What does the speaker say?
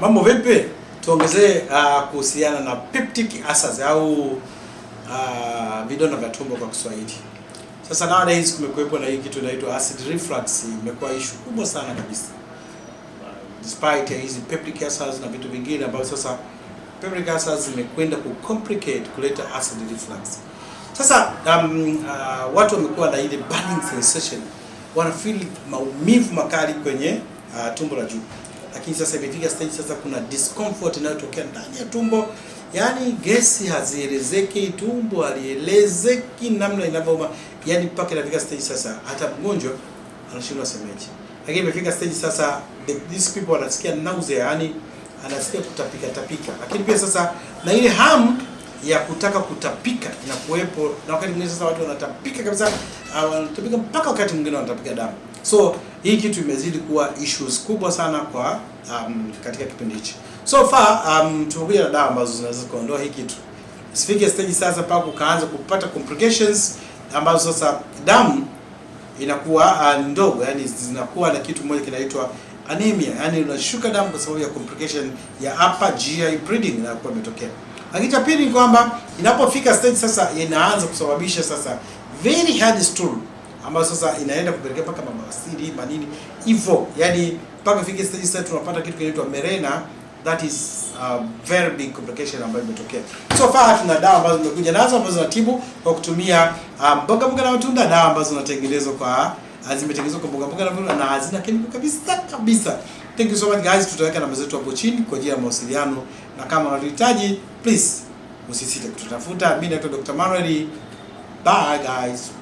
Mambo vipi? Tuongezee uh, kuhusiana na peptic ulcers au uh, vidonda vya tumbo kwa Kiswahili. Sasa nowadays hizi kumekuwepo na hii kitu inaitwa acid reflux, imekuwa issue kubwa sana kabisa. despite ya hizi peptic ulcers na vitu vingine ambavyo sasa peptic ulcers zimekwenda ku complicate kuleta acid reflux. Sasa um, uh, watu wamekuwa na ile burning sensation, wanafeel maumivu makali kwenye uh, tumbo la juu lakini sasa imefika stage sasa kuna discomfort inayotokea ndani ya tumbo, yaani gesi hazielezeki, tumbo halielezeki namna inavyouma, yaani mpaka inafika stage sasa hata mgonjwa anashindwa semeji. Lakini imefika stage sasa the, these people wanasikia nausea, yaani anasikia kutapika tapika, lakini pia sasa na ile hamu ya kutaka kutapika inakuwepo, na wakati mwingine sasa watu wanatapika kabisa, wanatapika mpaka wakati mwingine wanatapika damu. So hii kitu imezidi kuwa issues kubwa sana kwa um, katika kipindi hichi. So far um, tumekuja na dawa ambazo zinaweza kuondoa hii kitu. Sifike stage sasa mpaka ukaanza kupata complications ambazo sasa damu inakuwa uh, ndogo, yani zinakuwa na kitu moja kinaitwa anemia, yani unashuka damu kwa sababu ya complication ya upper GI bleeding inakuwa imetokea. Lakini cha pili ni kwamba inapofika stage sasa inaanza kusababisha sasa very hard stool ambayo sasa inaenda kupelekea mpaka mabasiri manini hivyo, yani mpaka fike stage sasa tunapata kitu kinaitwa merena, That is a um, very big complication ambayo imetokea. So far hatuna dawa ambazo zimekuja nazo ambazo zinatibu kwa kutumia um, mboga mboga na matunda, dawa ambazo zinatengenezwa kwa ah, zimetengenezwa kwa mboga mboga na matunda na hazina kemikali kabisa kabisa. Thank you so much guys, tutaweka namba zetu hapo chini kwa ajili ya mawasiliano, na kama unahitaji please usisite kututafuta. Mimi naitwa Dr. Manuel. Bye guys.